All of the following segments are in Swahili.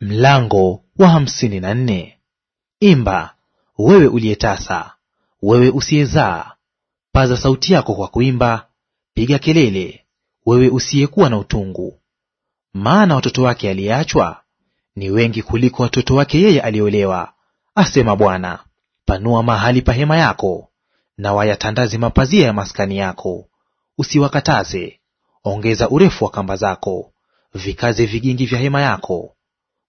Mlango wa hamsini na nne. Imba wewe uliyetasa, wewe usiyezaa, paza sauti yako kwa kuimba, piga kelele, wewe usiyekuwa na utungu. Maana watoto wake aliyeachwa ni wengi kuliko watoto wake yeye aliolewa, asema Bwana. Panua mahali pa hema yako, na wayatandaze mapazia ya maskani yako. Usiwakataze, ongeza urefu wa kamba zako, vikaze vigingi vya hema yako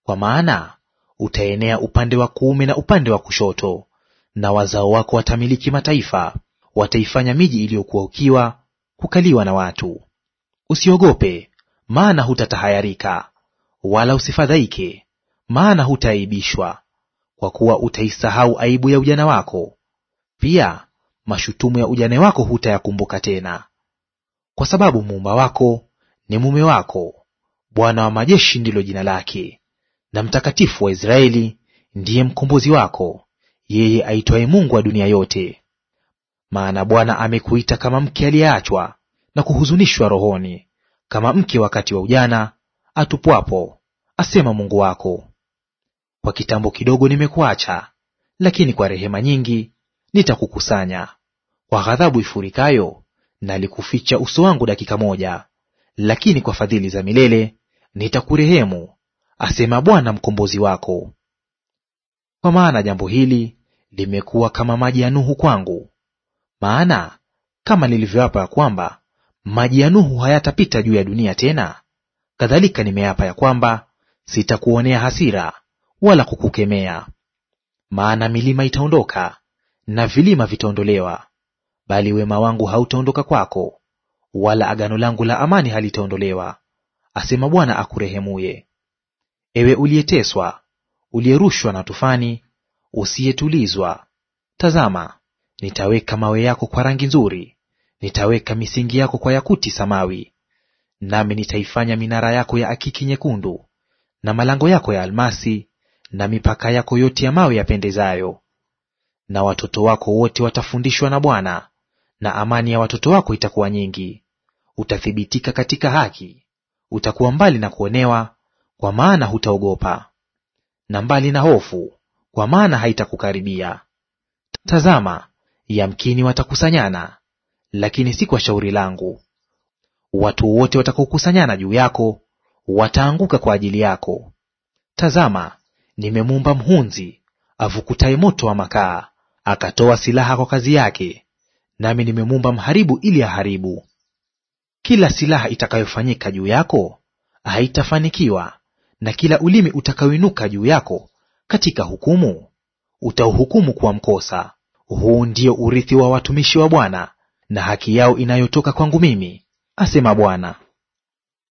kwa maana utaenea upande wa kuume na upande wa kushoto, na wazao wako watamiliki mataifa; wataifanya miji iliyokuwa ukiwa kukaliwa na watu. Usiogope, maana hutatahayarika, wala usifadhaike, maana hutaaibishwa; kwa kuwa utaisahau aibu ya ujana wako, pia mashutumu ya ujane wako hutayakumbuka tena. Kwa sababu muumba wako ni mume wako, Bwana wa majeshi ndilo jina lake na mtakatifu wa Israeli ndiye mkombozi wako, yeye aitwaye Mungu wa dunia yote. Maana Bwana amekuita kama mke aliyeachwa na kuhuzunishwa rohoni, kama mke wakati wa ujana atupwapo, asema Mungu wako. Kwa kitambo kidogo nimekuacha, lakini kwa rehema nyingi nitakukusanya. Kwa ghadhabu ifurikayo nalikuficha uso wangu dakika moja, lakini kwa fadhili za milele nitakurehemu asema Bwana mkombozi wako. Kwa maana jambo hili limekuwa kama maji ya Nuhu kwangu, maana kama nilivyoapa ya kwamba maji ya Nuhu hayatapita juu ya dunia tena, kadhalika nimeapa ya kwamba sitakuonea hasira wala kukukemea. Maana milima itaondoka na vilima vitaondolewa, bali wema wangu hautaondoka kwako, wala agano langu la amani halitaondolewa, asema Bwana akurehemuye. Ewe uliyeteswa, uliyerushwa na tufani, usiyetulizwa, tazama, nitaweka mawe yako kwa rangi nzuri, nitaweka misingi yako kwa yakuti samawi. Nami nitaifanya minara yako ya akiki nyekundu, na malango yako ya almasi, na mipaka yako yote ya mawe yapendezayo. Na watoto wako wote watafundishwa na Bwana, na amani ya watoto wako itakuwa nyingi. Utathibitika katika haki, utakuwa mbali na kuonewa kwa maana hutaogopa; na mbali na hofu, kwa maana haitakukaribia. Tazama, yamkini watakusanyana, lakini si kwa shauri langu. Watu wote watakaokusanyana juu yako wataanguka kwa ajili yako. Tazama, nimemuumba mhunzi avukutaye moto wa makaa, akatoa silaha kwa kazi yake, nami nimemuumba mharibu ili aharibu. Kila silaha itakayofanyika juu yako haitafanikiwa, na kila ulimi utakaoinuka juu yako katika hukumu utauhukumu kwa mkosa. Huu ndio urithi wa watumishi wa Bwana, na haki yao inayotoka kwangu mimi, asema Bwana.